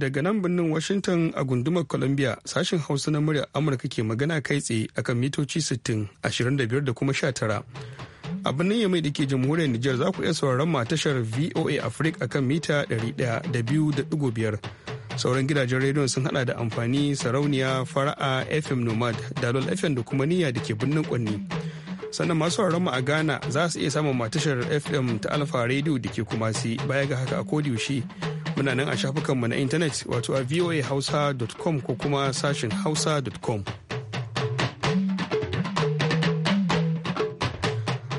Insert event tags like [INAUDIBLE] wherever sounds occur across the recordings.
daga nan birnin Washington a gundumar Columbia sashen Hausa na muryar Amurka ke magana kai tsaye akan mitoci 60, 25 da kuma 19. A birnin Yamai da ke jamhuriyar Nijar za ku iya sauraron ma tashar VOA Africa akan mita 100.5. Sauran gidajen rediyon sun hada da amfani sarauniya fara'a FM Nomad, Dalol FM da kuma niyya da ke birnin Kwanni. sannan masu mu a ghana za su iya samun matashar fm ta alfa radio da ke kuma si baya ga haka a kodiyaushe muna nan a shafukanmu na intanet wato a voahausa.com ko kuma sashin hausa.com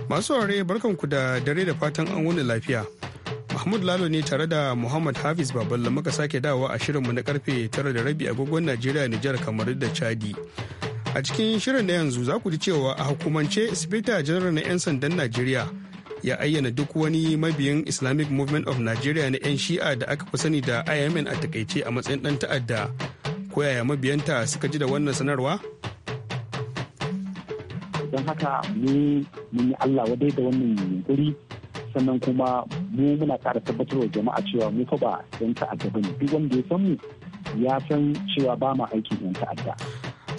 masu ware barkanku da dare da fatan an wuni lafiya mahmud lalo ne tare da muhammad hafiz baballa muka sake dawa a shirinmu na karfe 9 da rabi agogon najeriya nijar kamar da chadi a cikin shirin na yanzu za ku ji cewa a hukumance sifita General na 'yan sandan najeriya ya ayyana duk wani mabiyin islamic movement of nigeria na 'yan shi'a da aka fi sani da imn a takaice a matsayin dan ta'adda koyaya mabiyanta suka ji da wannan sanarwa don haka mu mun yi allah wadai da wannan yunkuri sannan kuma mu muna ƙara wa jama'a cewa mu fa ba 'yan ta'adda bane duk wanda ya san mu ya san cewa ba mu aikin 'yan ta'adda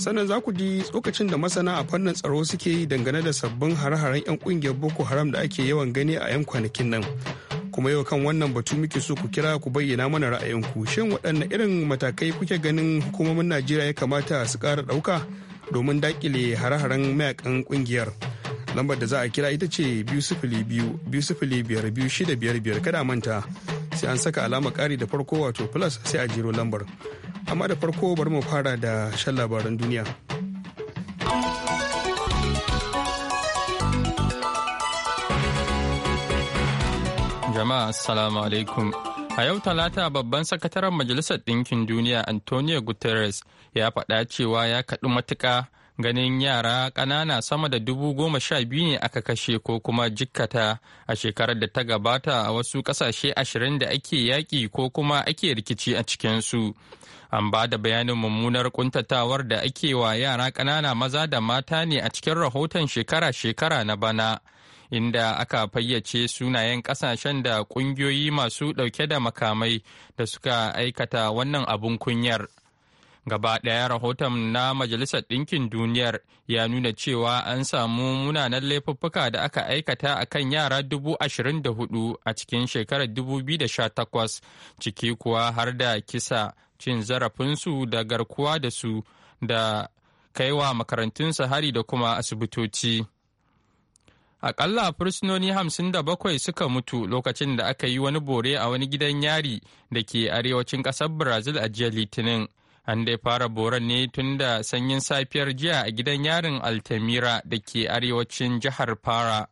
sannan za ku ji tsokacin da masana a fannin tsaro suke yi dangane da sabbin hare-haren 'yan kungiyar boko haram da ake yawan gani a 'yan kwanakin nan kuma yau kan wannan batu muke so ku kira ku bayyana mana ra'ayinku shin waɗanne irin matakai kuke ganin hukumomin najeriya ya kamata su ƙara ɗauka domin daƙile hare-haren mayakan kungiyar lambar da za a kira ita ce biyu sifili biyu biyu sifili biyar biyu shida biyar biyar kada manta sai an saka alama ƙari da farko wato plus sai a jiro lambar amma da farko bari mu fara da shan labaran duniya jama'a assalamu alaikum A yau Talata babban sakataren Majalisar Ɗinkin Duniya Antonio Guterres ya faɗa cewa ya kaɗu matuka. ganin yara ƙanana sama da dubu goma sha biyu ne aka kashe ko kuma jikkata a shekarar da ta gabata a wasu ƙasashe ashirin da ake yaƙi ko kuma ake rikici a cikinsu an ba da bayanin mummunar ƙuntatawar da ake wa yara ƙanana maza da mata ne a cikin rahoton shekara-shekara na bana inda aka fayyace sunayen ƙasashen da ƙungiyoyi masu ɗauke da makamai da suka aikata wannan abun kunyar. gaba ɗaya rahoton na majalisar ɗinkin duniyar ya nuna cewa an samu munanan laifuffuka da aka aikata a kan yara dubu ashirin da hudu a cikin shekarar dubu biyu da sha takwas ciki kuwa har da kisa cin zarafinsu da garkuwa da su da kaiwa makarantunsa hari da kuma asibitoci akalla fursunoni hamsin da bakwai suka mutu lokacin da aka yi wani bore a wani gidan yari da ke arewacin ƙasar brazil a jiya litinin An dai fara boran ne tun da sanyin safiyar jiya a gidan yarin Altamira da ke arewacin jihar Fara.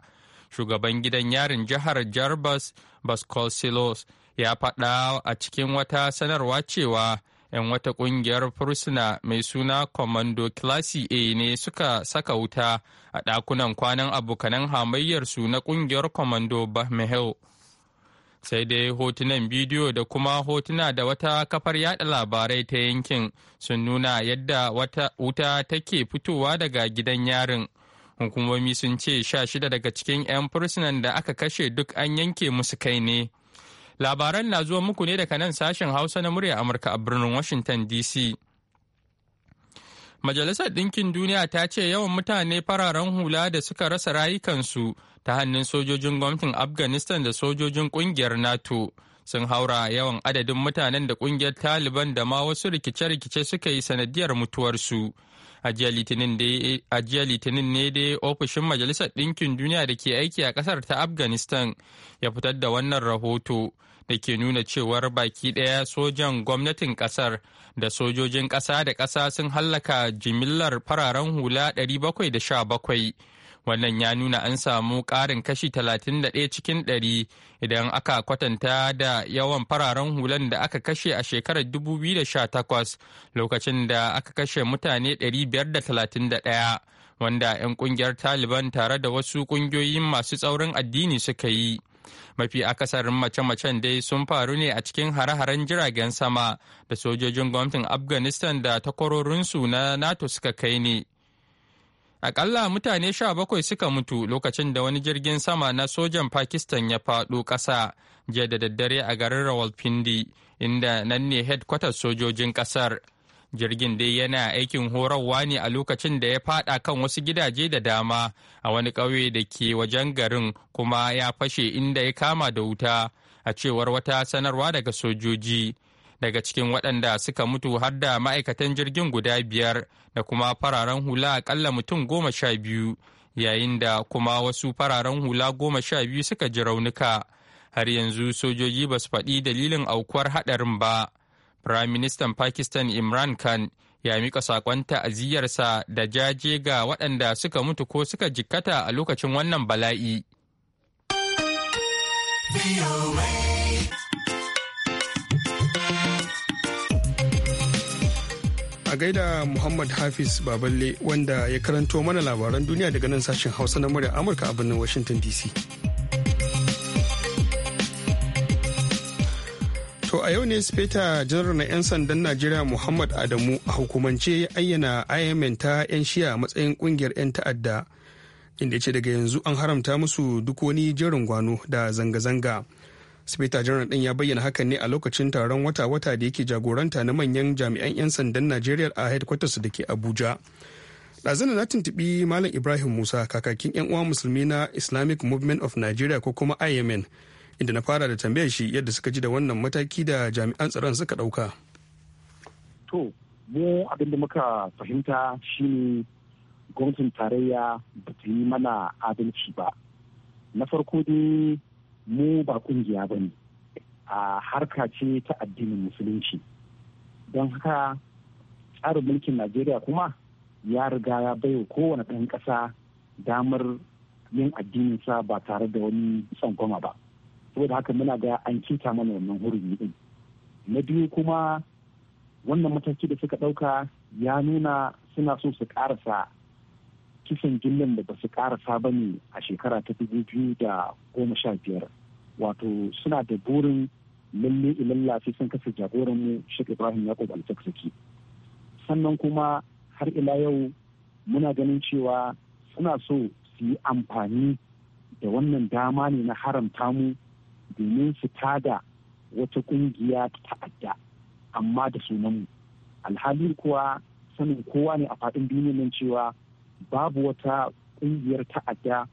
Shugaban gidan yarin jihar Jarbas Vasconcelos ya faɗa a cikin wata sanarwa cewa 'yan wata ƙungiyar fursuna mai suna Commando Classy A ne suka saka wuta a ɗakunan kwanan abokanan hamayyarsu na ƙungiyar Commando Bahmehel. sai dai hotunan bidiyo da kuma hotuna da wata kafar yada labarai ta yankin sun nuna yadda wata wuta take fitowa daga gidan yarin hukumomi sun ce sha shida daga cikin 'yan fursunan da aka kashe duk an yanke musu kai ne labaran na zuwa muku ne daga nan sashen hausa na murya amurka a birnin washington dc Majalisar Ɗinkin Duniya ta ce yawan mutane fararen hula da suka rasa rayukansu ta hannun sojojin gwamnatin Afghanistan da sojojin ƙungiyar NATO sun haura yawan adadin mutanen da ƙungiyar Taliban da ma wasu rikice-rikice suka yi sanadiyar mutuwarsu. A Litinin ne dai ofishin Majalisar Ɗinkin Duniya da ke aiki a ƙasar ta Afghanistan ya fitar da wannan rahoto. da ke nuna cewar baki ɗaya sojan gwamnatin ƙasar da sojojin ƙasa da ƙasa sun hallaka jimillar fararen hula 717 wannan ya nuna an samu ƙarin kashi 31 cikin 100 idan aka kwatanta da yawan fararen hulan da aka kashe a shekarar 2018 lokacin da aka kashe mutane 531 wanda 'yan kungiyar taliban tare da wasu kungiyoyin masu tsaurin addini suka yi mafi akasarin mace-macen dai sun faru ne a cikin hare-haren jiragen sama da sojojin gwamnatin afghanistan da takwarorinsu na nato suka kai ne akalla mutane sha bakwai suka mutu lokacin da wani jirgin sama na sojan pakistan ya faɗo ƙasa jiya da daddare a garin rawalpindi inda nan ne hedkwatar sojojin ƙasar. jirgin dai yana aikin horarwa ne a lokacin da ya fada kan wasu gidaje da dama a wani ƙauye da ke wajen garin kuma ya fashe inda ya kama da wuta a cewar wata sanarwa daga sojoji daga cikin waɗanda suka mutu har da ma'aikatan jirgin guda biyar da kuma fararen hula akalla mutum goma sha biyu yayin da kuma wasu fararen hula goma sha biyu suka ji raunuka har yanzu sojoji ba su faɗi dalilin aukuwar haɗarin ba. Firaministan Pakistan Imran Khan ya mika saƙon ta'aziyyarsa da jaje ga waɗanda suka mutu ko suka jikkata a lokacin wannan bala'i. A gaida Muhammad Hafiz Baballe wanda ya karanto mana labaran duniya daga nan sashen Hausa na murya Amurka a birnin Washington DC. To a yau ne Speta janar na 'yan sandan Najeriya Muhammad Adamu a hukumance ya ayyana IMN ta 'yan shiya a matsayin kungiyar 'yan ta'adda inda ce daga yanzu an haramta musu duk wani jerin gwano da zanga-zanga. Speta janar din ya bayyana hakan ne a lokacin taron wata-wata da yake jagoranta na manyan jami'an 'yan sandan Najeriya a headquarters da ke Abuja. ɗazana na tuntuɓi Malam Ibrahim Musa kakakin 'yan uwa musulmi na Islamic Movement of Nigeria ko kuma IMN inda na fara da tambayar shi yadda suka ji da wannan mataki da jami'an tsaron suka ɗauka. To, mu abin muka fahimta shi ne gwamnatin tarayya ba ta yi mana adalci ba. Na farko dai mu ba kungiya ba ne, a harka ce ta addinin musulunci. Don haka tsarin mulkin Najeriya kuma ya riga ya baiwa kowane ɗan ƙasa damar yin addininsa ba tare da wani tsangwama ba. saboda haka muna ga an keta mana wannan hurumi din na biyu kuma wannan mataki da suka ɗauka ya nuna suna so su ƙarasa kisan gillan da ba su ƙarasa ba ne a shekara ta biyu da goma sha biyar wato suna da burin lalle ilalla sai sun kasa jagoran mu Sheikh Ibrahim Yakub kogon saksaki sannan kuma har ila yau muna ganin cewa suna so su yi amfani da wannan dama ne na haramta mu domin su tada wata kungiya ta ta'adda amma da sunanmu alhali kuwa sanin kowa ne a faɗin duniya nan cewa babu wata kungiyar ta'adda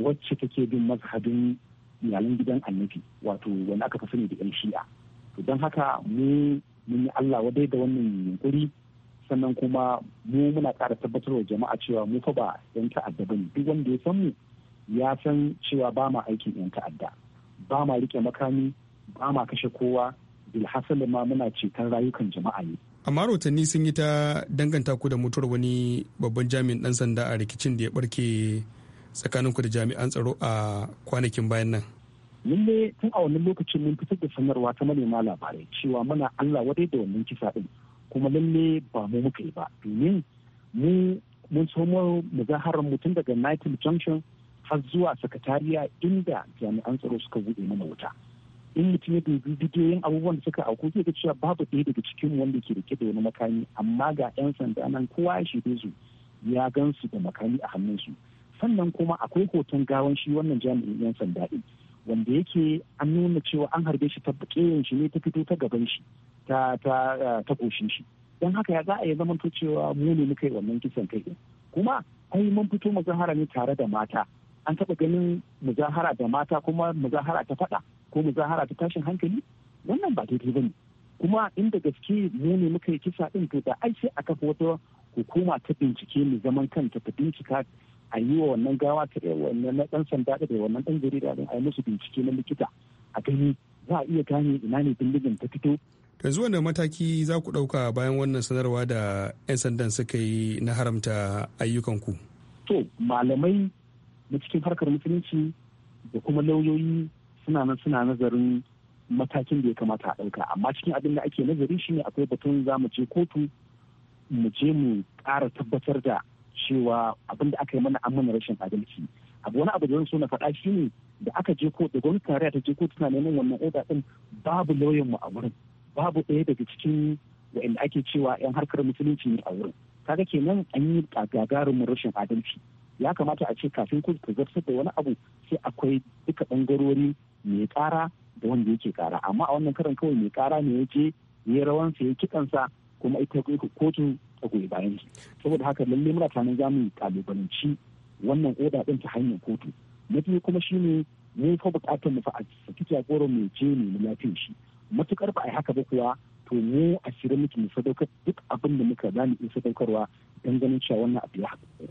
wacce take bin mazhabin iyalan gidan annabi wato wani aka fi sani da yan shi'a to don haka mu mun yi Allah wadai da wannan yunkuri sannan kuma mu muna ƙara tabbatarwa jama'a cewa mu fa ba yan ta'adda ba ne duk wanda ya san mu ya san cewa ba ma aikin yan ta'adda ba ma rike makami ba ma kashe kowa bilhassan ma muna ceton rayukan jama'a ne amma rotanni sun yi ta danganta ku da mutuwar wani babban jami'in dan sanda a rikicin da ya barke ku da jami'an tsaro a kwanakin bayan nan mun ne tun a wannan lokacin mun fitar da sanarwa ta manema labarai cewa muna Allah wadai da wannan kisa din kuma lalle ba mu muka yi ba domin mu mun mu muzaharar mutum daga Nightingale Junction har zuwa sakatariya inda jami'an tsaro suka buɗe mana wuta in mutum ya dubi bidiyoyin abubuwan da suka auku zai ga cewa babu ɗaya daga cikin wanda ke rike da wani makami amma ga 'yan sanda nan kowa ya shaide su ya gan su da makami a hannunsu sannan kuma akwai hoton gawan shi wannan jami'in 'yan sanda ɗin wanda yake an nuna cewa an harbe shi ta shi ne ta fito ta gaban shi ta ta eh, ta goshin shi don haka ya za a yi zamanto cewa mu ne muka yi wannan kisan kai kuma ai mun fito hara ne tare da mata an taɓa ganin muzahara da mata kuma muzahara ta faɗa ko muzahara ta tashin hankali wannan ba daidai ba ne kuma inda gaske mu ne muka yi kisa ɗin to da ai a kafa wata hukuma ta bincike mai zaman kanta ta bincika a yi wa wannan gawa ta eh, wannan ɗan sanda da wannan ɗan jarida ɗin a yi musu bincike na likita a gani za a iya gane ina ne bindigin ta fito da zuwa da mataki za ku ɗauka bayan wannan sanarwa da 'yan sandan suka yi na haramta ayyukanku. To malamai na cikin harkar musulunci da kuma lauyoyi suna nan suna nazarin matakin da ya kamata a ɗauka amma cikin abin da ake nazari shine akwai batun za mu je kotu mu je mu ƙara tabbatar da cewa abin da aka yi mana an mana rashin adalci abu wani abu da zan so na faɗa shine da aka je kotu da gwamnati tarayya ta je kotu tana neman wannan oda din babu lauyan mu a wurin babu ɗaya daga cikin waɗanda ake cewa yan harkar musulunci ne a wurin kaga kenan an yi gagarumin rashin adalci ya kamata a ce kafin ku ka zartar da wani abu sai akwai duka bangarori mai kara da wanda yake kara amma a wannan karan kawai mai kara ne ya je rawan rawansa ya sa kuma ita kotu ta goyi bayan shi saboda haka lalle muna tunanin za mu kalubalanci wannan oda ɗin ta hanyar kotu na biyu kuma shine mu fa bukatar mu fa a saki jagoran mu je ne mu lafiyar shi matukar ba a haka ba kuwa to mu a shirye muke mu sadaukar duk abin da muka zamu mu iya sadaukarwa don ganin cewa wannan abu ya haɗu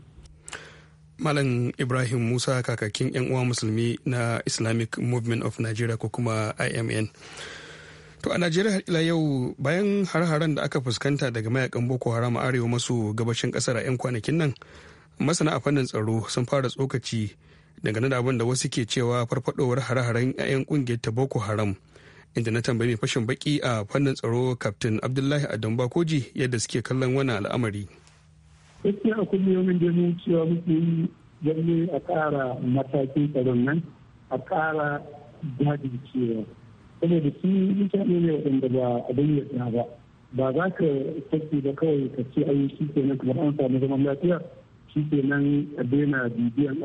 Malam Ibrahim Musa kakakin 'yan uwa musulmi na Islamic Movement of Nigeria ko kuma IMN. To a Najeriya ila yau bayan har-haren da aka fuskanta daga mayakan Boko Haram arewa masu gabashin kasar a 'yan kwanakin nan, masana a fannin tsaro sun fara tsokaci dangane da abin da wasu ke cewa farfadowar har-haren 'ya'yan kungiyar ta Boko Haram. Inda na tambayi mai fashin baki a fannin tsaro Captain Abdullahi Adamba Koji yadda suke kallon wannan al'amari. gaskiya a kullum yawan da mu cewa muke yi lalle a kara matakin tsaron nan a kara ƙara jajircewa saboda su mutane ne waɗanda ba abin yadda ba ba za ka tafi da kawai ka ce ayi shi ke nan kamar an samu zaman lafiya shi ke nan a daina bibiyan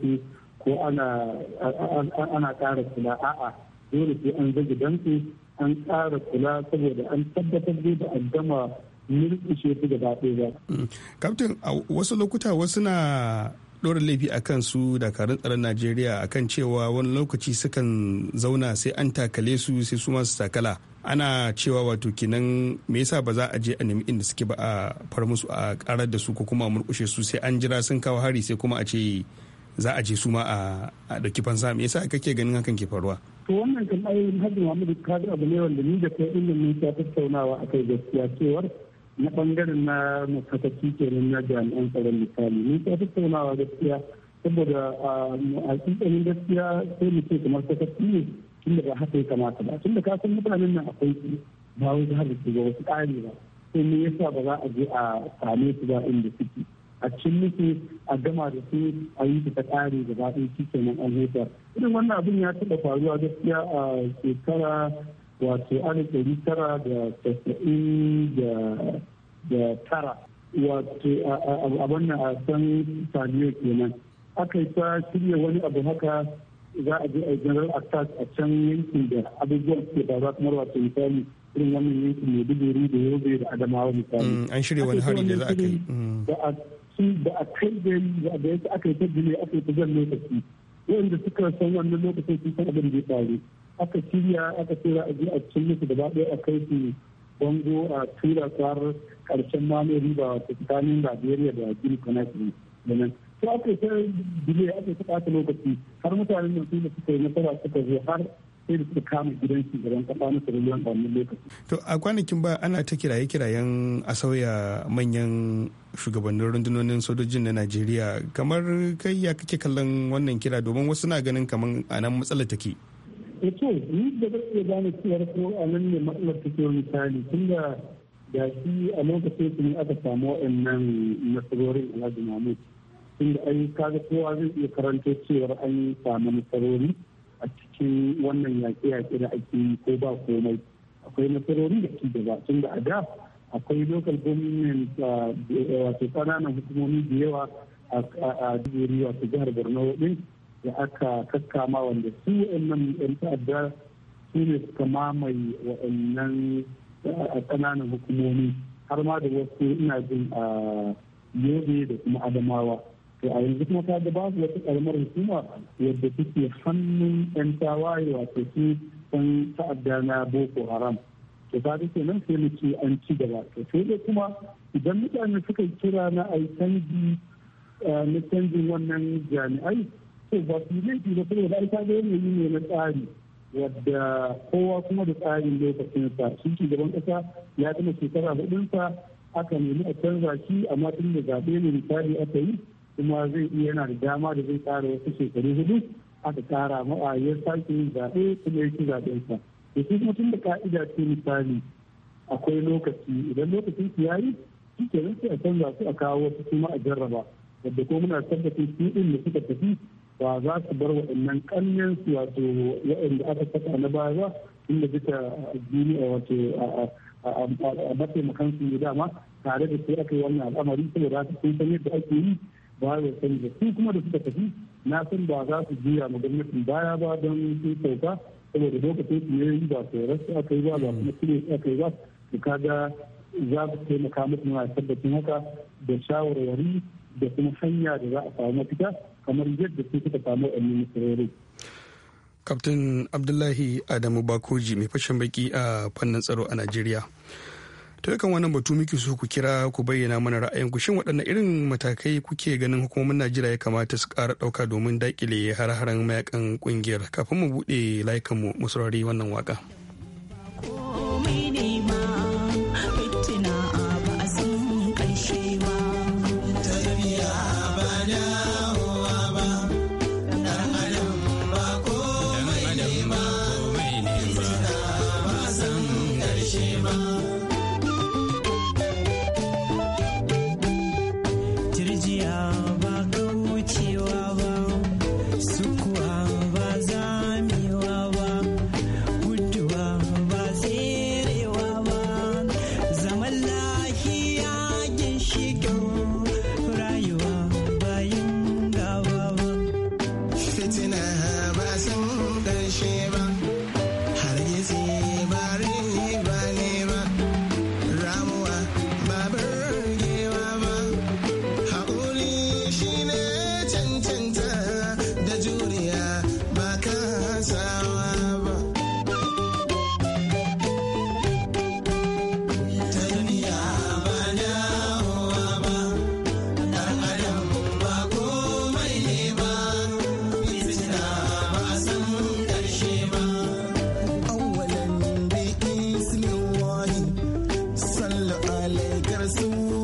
su ko ana ƙara kula a'a dole sai an zage dansu an ƙara kula saboda an tabbatar da a gama murkushe su gaba ɗaya Kaftin a wasu lokuta wasu na ɗora laifi a kan su dakarun tsaron Najeriya a kan cewa wani lokaci sukan zauna sai an takale su sai su masu takala. Ana cewa wato kinan me yasa ba za a je a nemi inda suke ba a far musu a karar da su ko kuma murkushe su sai an jira sun kawo hari sai kuma a ce za a je su ma a ɗauki fansa me yasa kake ganin hakan ke faruwa. to wannan kan ayoyin hajji Muhammadu Kadir abu ne wanda ni da kai ilimin ta tattaunawa akai gaskiya cewar na bangaren na mafataki nan na jami'an tsaron misali mun ta tattaunawa gaskiya saboda a tsakanin gaskiya sai mu ce kamar sakaki ne tunda ba haka ya kamata ba tunda ka san mutanen nan akwai su ba wai za su ga wasu ƙari ba sai me yasa ba za a je a same su ba inda suke a cikin muke a gama da su a yi ta ƙari gaba ɗaya shi kenan an huta irin wannan abin ya taɓa faruwa gaskiya a shekara wato an ɗari tara da tasa'in da tara wato a wannan a san sadiyo kenan aka yi ta shirya wani abu haka za a je a general attack a can yankin da abubuwan ke ba za kuma wato misali irin wannan yankin mai duburi da yobe da adamawa misali mm, an shirya wani hari da za a kai mm. da a kai da da yadda aka yi ta gine aka yi ta jan lokaci wanda suka san wannan lokacin sun san abin da ya faru aka shirya aka tura a ji a cikin su da baɗe a kai su bango a tura tsar karshen mamaye riba tsakanin Najeriya da Guinea Conakry da nan. Sai aka ta dile aka ta lokaci har mutanen nan su da suka yi nasara suka zo har sai da suka kama gidan shugaban kasa na Sierra Leone a lokaci. To a kwanakin ba ana ta kiraye-kirayen a sauya manyan shugabannin rundunonin sojojin na Najeriya kamar kai ya kake kallon wannan kira domin wasu na ganin kamar a nan matsala take. ya ce ni da ba iya gane cewar ko a nan ne matsalar ke misali tun da shi a lokacin su ne aka samu waɗannan nasarorin alhaji mahmud tunda ai kaga kowa zai iya karanta cewar an samu nasarori a cikin wannan yaƙi yaƙi da ake ko ba komai akwai nasarori da ke gaba da a da akwai local government wato ƙananan hukumomi da yawa a jihar Borno da aka kakkama wanda su wa'annan yan ta'adda su ne suka mamaye wa'annan ƙananan hukumomi har ma da wasu ina jin a yobe da kuma adamawa to a yanzu kuma ta babu wata ƙaramar hukuma yadda suke hannun yan tawaye wato su san ta'adda na boko haram to ta ke nan sai mu ce an ci gaba to sai dai kuma idan mutane suka kira na a eh, na canjin wannan jami'ai to ba su ne na tsari wadda kowa kuma da tsarin lokacinsa shi gaban kasa ya gama shekara hudunsa aka nemi a canza shi amma tun da zaɓe ne misali aka yi kuma zai iya yana da dama da zai tsara wasu shekaru hudu aka tsara ma'a ya sake yin zaɓe kuma ya ci zaɓensa da shi kuma tun da ka'ida ce misali akwai lokaci idan lokacin su yayi shi ke sai a canza su a kawo wasu kuma a jarraba wadda ko muna tabbatar su ɗin da suka tafi Ba za su bar waɗannan ƙannen su wato waɗanda aka saka na baya ba inda duka addini a wato a mataimakan makansu ne dama tare da sai aka yi wannan al'amari saboda haka sun san yadda ake yi ba ya sani da su kuma da suka tafi na san ba za su juya ma gwamnatin baya ba don sun sauka saboda lokacin su ne ba tsoron rasu aka yi ba ba kuma cire su aka yi ba to kaga za su taimaka musu na tabbacin haka da shawarwari da kuma hanya da za a samu mafita kamar yadda su suka samu a nasarorin. kaftin abdullahi adamu bakoji mai fashin baki a fannin tsaro a najeriya ta kan wannan batu muke so ku kira ku bayyana mana ra'ayinku shin waɗanne irin matakai kuke ganin hukumomin najeriya ya kamata su ƙara ɗauka domin daƙile har-haren mayakan ƙungiyar kafin mu buɗe layukanmu mu musurari wannan waka. Ko Ooh.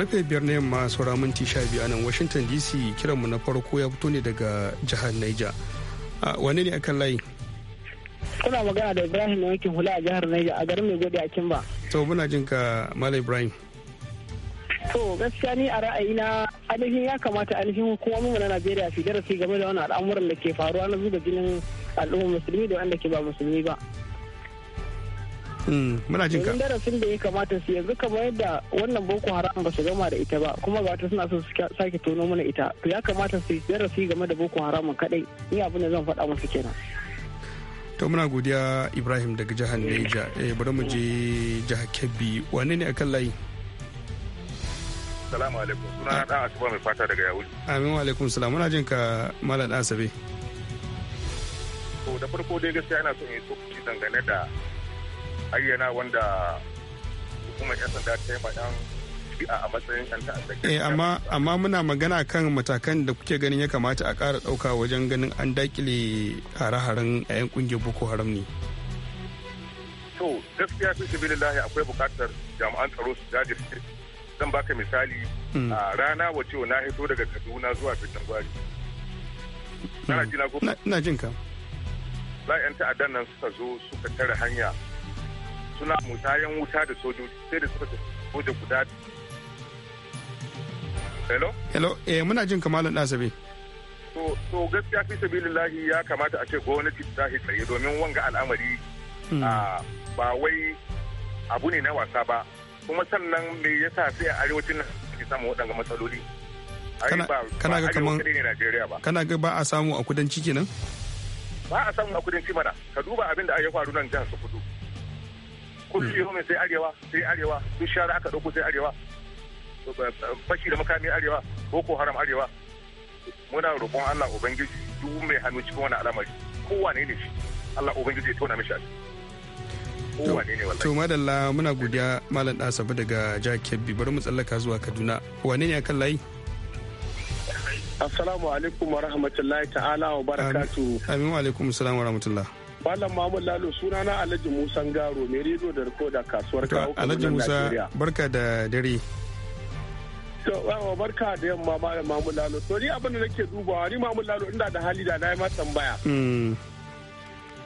karfe biyar na yamma saura minti sha biyu nan washington dc kiranmu na farko ya fito ne daga jihar naija wane ne akan layi kuna magana da ibrahim yankin hula a jihar naija a garin mai gode a kimba to muna jin ka mala ibrahim to gaskiya ni a ra'ayina ainihin ya kamata ainihin hukumomin na najeriya su darasi game da wani al'amuran da ke faruwa na zuba jinin al'umma musulmi da wanda ke ba musulmi ba Hmm, muna jin ka darasin da ya kamata su yanzu kamar yadda wannan boko haram ba su gama da ita ba kuma ga ta suna so su sake tono mana ita to ya kamata su darasi game da boko haram kadai ni abin da zan faɗa musu kenan to muna godiya ibrahim daga jihar neja eh, bari mu je jihar kebbi wane ne akan layi salamu alaikum suna da asuba mai fata daga yawuri amin wa alaikum salam muna jin ka malam asabe to da farko dai gaskiya ina son yi tsokaci dangane da ayyana wanda hukumar 'yan sanda ta yi ma a matsayin eh amma amma muna magana kan matakan da kuke ganin ya kamata a ƙara ɗauka wajen ganin an dakile hare-haren a 'yan ƙungiyar boko haram ne to gaskiya fi sabilillahi akwai buƙatar jami'an tsaro su jajirce zan baka misali hmm. a rana wace na hito daga kaduna zuwa fitan gwari hmm. ina jin ka za'a 'yan ta'addan nan suka zo suka tare hanya suna musayen wuta da sojoji sai da suka soja guda hello hello eh muna jin kamalan ɗasabe to to gaskiya fi sabilillahi ya kamata a ce gwamnati ta tashi tsaye domin wanga al'amari hmm. ba wai abu ne na wasa ba kuma sannan me yasa sai a arewacin nan ke samu waɗanga matsaloli kana ga kaman kana ga ba a samu a kudanci kenan ba a samu a kudanci mana ka duba abin da ya faru nan jihar Sokoto kullum yau sai arewa sai arewa duk shara aka ɗauko sai arewa fashi da makami arewa boko haram arewa muna roƙon Allah ubangiji duk mai hannu cikin wani al'amari kowane ne shi Allah ubangiji ya tona mishi kowane ne wallahi to madalla muna godiya malam Asabe daga jihar Kebbi bari mu tsallaka zuwa Kaduna wane ne akan layi Assalamu alaikum wa rahmatullahi ta'ala wa barakatuhu Amin wa alaikum assalam wa rahmatullah Malam Mamun Lalo sunana Alhaji Musa Garo mai rediyo da rikoda kasuwar kawo Alhaji Musa barka da dare. To yawa barka da yamma Malam Mamun Lalo. To ni abin da nake dubawa ni Mamun Lalo inda da hali da nayi yi ma tambaya. Hmm.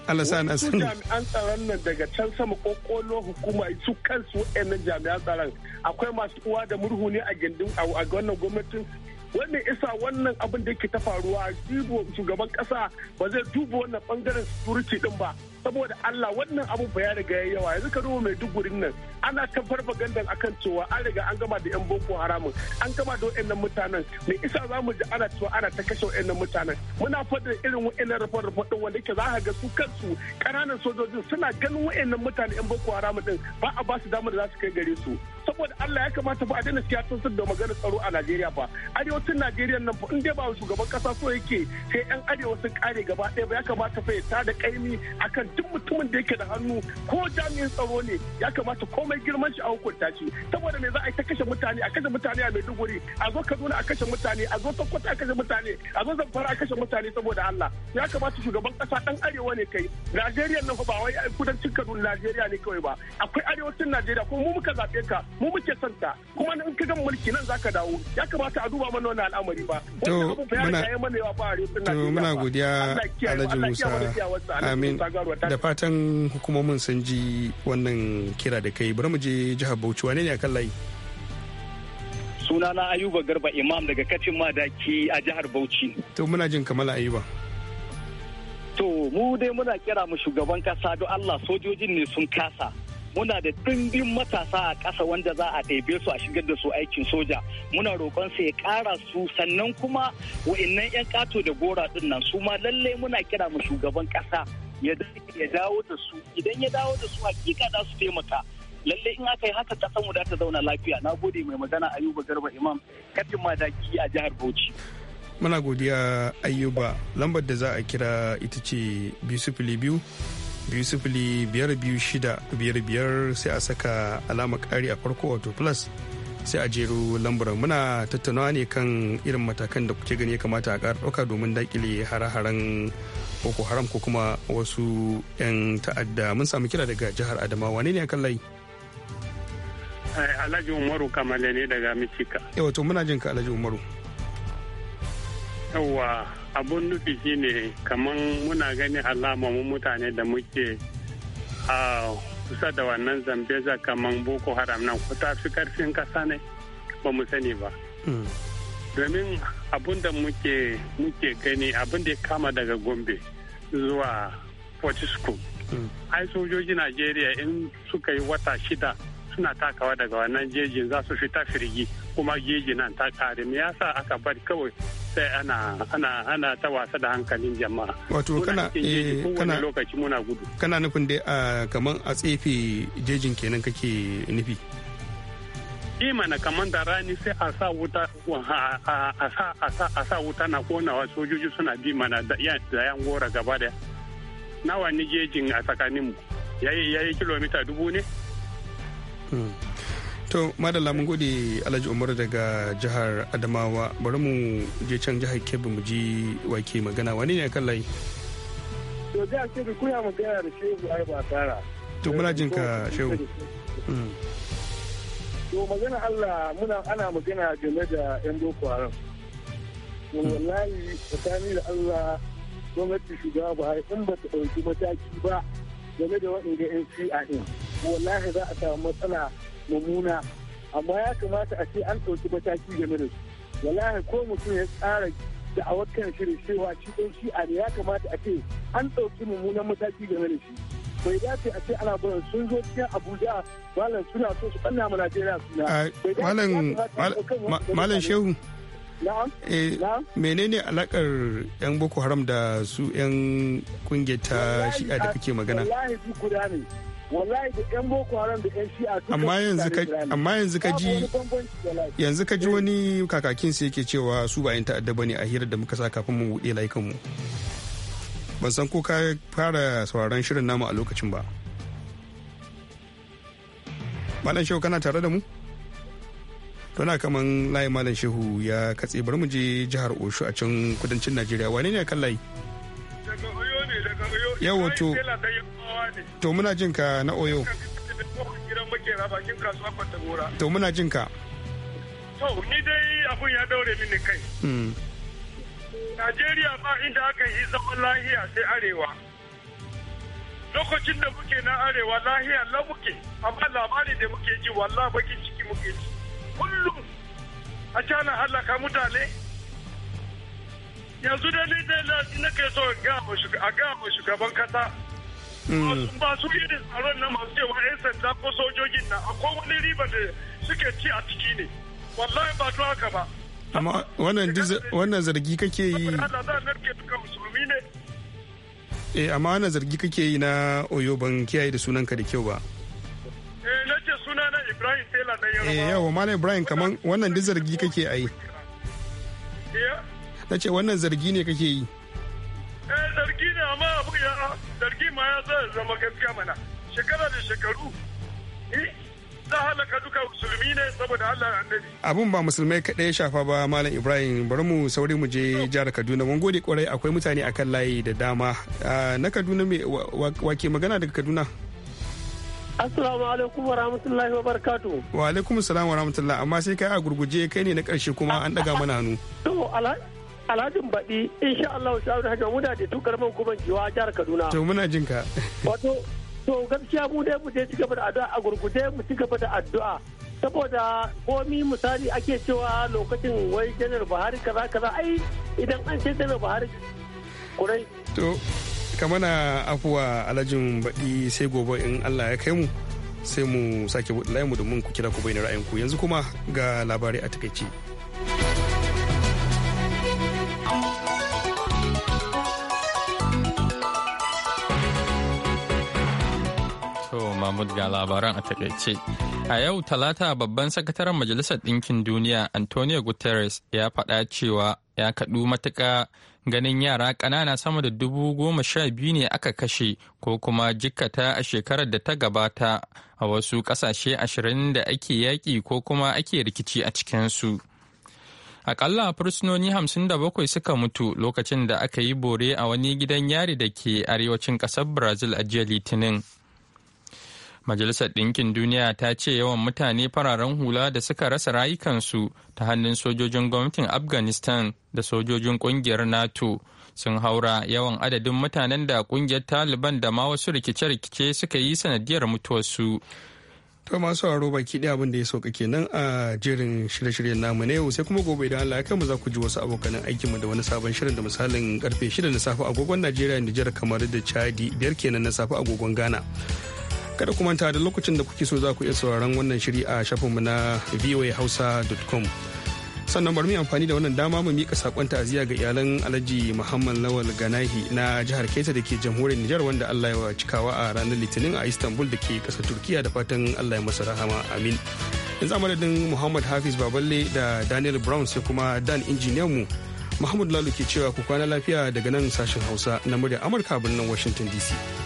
Allah sa na sani. jami'an tsaron nan daga can sama kokolo hukuma su kansu waɗannan jami'an tsaron akwai masu uwa da murhu ne a gindin a wannan gwamnatin wanda isa wannan abin da yake ta faruwa shugaban kasa ba zai duba wannan bangaren security din ba saboda Allah wannan abu fa ya riga ya yawa yanzu ka duba mai dugurin nan ana ta farfaganda akan cewa an riga an gama da yan boko haramun an gama da wa'annan mutanen me isa za mu ji ana cewa ana ta kashe wayannan mutanen muna fada irin wa'annan rafa-rafa din wanda ke za ka ga su kansu ƙananan sojojin suna ganin wayannan mutanen yan boko haramun din ba a ba su damar da za su kai gare su saboda Allah ya kamata ba a daina siyasar da maganar tsaro a Najeriya ba arewacin Najeriya nan fa in dai ba shugaban kasa so yake sai yan arewa sun kare gaba ɗaya ba ya kamata fa ya tada kaimi akan duk mutumin da yake da hannu ko jami'in tsaro ne ya kamata komai girman shi a hukunta shi saboda me za a yi ta kashe mutane a kashe mutane a Maiduguri a zo Kaduna a kashe mutane a zo Sokoto a kashe mutane a zo Zamfara a kashe mutane saboda Allah ya kamata shugaban kasa dan arewa ne kai Najeriya nan fa ba wai kudancin Kaduna Najeriya ne kawai ba akwai arewacin Najeriya kuma mu muka zabe ka mu muke son ta kuma in ka ga mulki nan zaka dawo ya kamata a duba mana wannan al'amari ba to muna muna godiya Alhaji Musa amin da fatan hukumomin sun ji wannan kira da kai bari mu je jihar bauchi wane ne a kan layi sunana ayuba garba imam daga kacin madaki a jihar bauchi to muna jin kamala ayuba to mu dai muna kira mu shugaban kasa don allah sojojin ne sun kasa muna da dimbin matasa a ƙasa wanda za a ɗebe su a shigar da su aikin soja muna roƙon su ya ƙara su sannan kuma wa'innan 'yan ƙato da gora ɗin nan su ma lallai muna kira mu shugaban ƙasa ya dawo da su idan ya dawo da su hakika za su taimaka lalle in aka yi haka ta samu ta zauna lafiya na gode mai magana ayuba garba imam kafin madaki a jihar bauchi muna godiya ayuba lambar da za a kira ita ce biyu sifili biyu biyu sifili biyar biyu shida biyar biyar sai a saka alama kari a farko wato plus sai a jeru lambar muna tattaunawa ne kan irin matakan da kuke gani ya kamata a ƙara ɗauka domin daƙile hare-haren boko haram ko kuma wasu 'yan ta'adda mun samu kira daga jihar adamawa ne ne kan layi eh, alhaji umaru kamale ne daga michika yawa eh, to muna jin ka alhaji umaru yawa abun nufi shine kamar muna gani alamomin mutane da muke a kusa da wannan zambeza kaman boko haram nan ko ta fi karfin kasa ne ba mu sani ba hmm. domin abin da muke muke gani abin da ya kama daga gombe zuwa fortisco hmm. ai sojoji najeriya in suka yi wata shida suna takawa daga wannan jejin za su fita firgi kuma jeji nan ta kare me yasa aka bar kawai sai ana ana ana ta wasa da hankalin jama'a wato kana eh kana lokaci muna gudu kana nufin dai ah, kamar a tsefe jejin kenan kake nufi yi mana kamanda da rani sai a sa wuta a sa wuta na konawa sojoji suna bi mana da yan gora gaba da nawa ni jejin a tsakaninmu ya yi kilomita dubu ne hmm. to madalla mun gode alhaji umar daga jihar adamawa bari mu je can jihar kebbi mu ji wake magana wani ne kan layi to jihar kebbi kuna magana da shehu ai ba tara to muna jin ka eh, shehu hmm. to magana Allah muna ana magana game da yan boko haram hmm. wallahi tsakani da Allah gwamnati shugaba Buhari in ba ta ɗauki mataki ba game da waɗanda yan CIA wallahi za a samu matsala mummuna amma ya kamata a ce an ɗauki mataki game da su wallahi ko mutum ya tsara da a wakan shirin cewa shi ɗan CIA ya kamata a ce an ɗauki mummunan mataki game da shi bai dace a ce ana barin sun zo cikin abuja malam suna so su kanna mu najeriya suna malam malam shehu eh, menene alakar yan boko haram da su yan kungiyar ta shi'a da kake magana wallahi su guda ne wallahi da yan boko haram da yan shi'a amma yanzu ka amma yanzu ka ji yanzu ka ji wani kakakin su yake cewa su ba yan ta'adda bane a hirar da muka sa kafin mu bude layukan mu ban san ko ka fara sauraron shirin namu a lokacin ba malam shehu kana tare da mu tona kaman layi malam shehu ya katse bari mu je jihar oshu a can kudancin najeriya wane ne kan layi yawo to to muna jin ka na oyo to muna jin ka to ni dai abun ya daure mini kai hmm. Najeriya ba inda aka yi zaman lahiya sai arewa. Lokacin da muke na arewa lahiya la muke, amma labari da muke ji wallah bakin ciki muke ji. Kullum a cana halaka mutane. Yanzu da ni dai na kai so a gama shugaban kasa. ba su yi da tsaron na masu cewa 'yan sanda ko sojojin na akwai wani riba da suke ci a ciki ne wallahi ba to haka ba amma wannan zargi kake yi eh amma wannan zargi kake yi na oyo ban kiyaye da sunanka da kyau ba eh na ce sunana ibrahim taylor na yarabawa eh yawa malam ibrahim kaman wannan duk zargi kake a yi eh? na ce wannan zargi ne kake yi eh zargi ne amma abu ya zargi ma ya zama gaskiya mana shekara da shekaru eh? za halaka duka musulmi ne saboda Allah annabi abun ba musulmai kaɗai shafa ba malam Ibrahim bari mu sauri mu je jihar Kaduna mun gode kwarai akwai mutane akan layi da dama na Kaduna me wake magana daga Kaduna Assalamu alaikum wa rahmatullahi wa Wa alaikum salam wa rahmatullahi amma sai kai a gurguje kai ne na karshe kuma an daga mana hannu. [LAUGHS] To alhajin baɗi insha Allah da hajjan muna da tukar man kuma jiwa jihar Kaduna. To muna jinka. Wato to gaskiya mu dai mu ci gaba da addu'a a gurguje mu ci gaba da addu'a saboda komi misali ake cewa lokacin wai janar buhari kaza kaza ai idan an ce janar buhari kurai to kamana afuwa alhajin baɗi sai gobe in allah ya kai mu sai mu sake layin mu domin ku kira ku bayyana ra'ayinku yanzu kuma ga labarai a takaici. Mahmud ga labaran a takaice. A yau talata babban sakataren Majalisar Ɗinkin Duniya Antonio Guterres ya faɗa cewa ya kaɗu matuka ganin yara ƙanana sama da dubu goma sha biyu ne aka kashe ko kuma jikkata a shekarar da ta gabata a wasu ƙasashe ashirin da ake yaƙi ko kuma ake rikici a cikinsu. Akalla fursunoni hamsin da bakwai suka mutu lokacin da aka yi bore a wani gidan yari da ke arewacin ƙasar Brazil a jiya Litinin. Majalisar Ɗinkin Duniya ta ce yawan mutane fararen hula da suka rasa rayukansu ta hannun sojojin gwamnatin Afghanistan da sojojin ƙungiyar NATO sun haura yawan adadin mutanen da ƙungiyar Taliban da ma wasu rikice-rikice suka yi sanadiyar mutuwarsu. To masu haro baki ɗaya abin da ya sauka kenan a jerin shirye-shiryen namu na yau sai kuma gobe idan Allah ya mu za ku ji wasu abokanan mu da wani sabon shirin da misalin karfe 6 na safe agogon Najeriya Nijar kamar da Chadi biyar kenan na safe agogon Ghana. kada ku manta da lokacin da kuke so za ku iya sauraron wannan shiri a shafinmu na voahausa.com sannan bari mu amfani da wannan dama mu mika sakon ta'aziyya ga iyalan Alhaji Muhammad Lawal Ganahi na jihar Keta da ke jamhuriyar Nijar wanda Allah ya cikawa a ranar Litinin a Istanbul da ke kasar Turkiya da fatan Allah ya masa rahama amin yanzu amadadin Muhammad Hafiz Baballe da Daniel Brown sai kuma Dan injiniyan mu Muhammad Lalu ke cewa ku kwana lafiya daga nan sashen Hausa na murya Amurka birnin Washington DC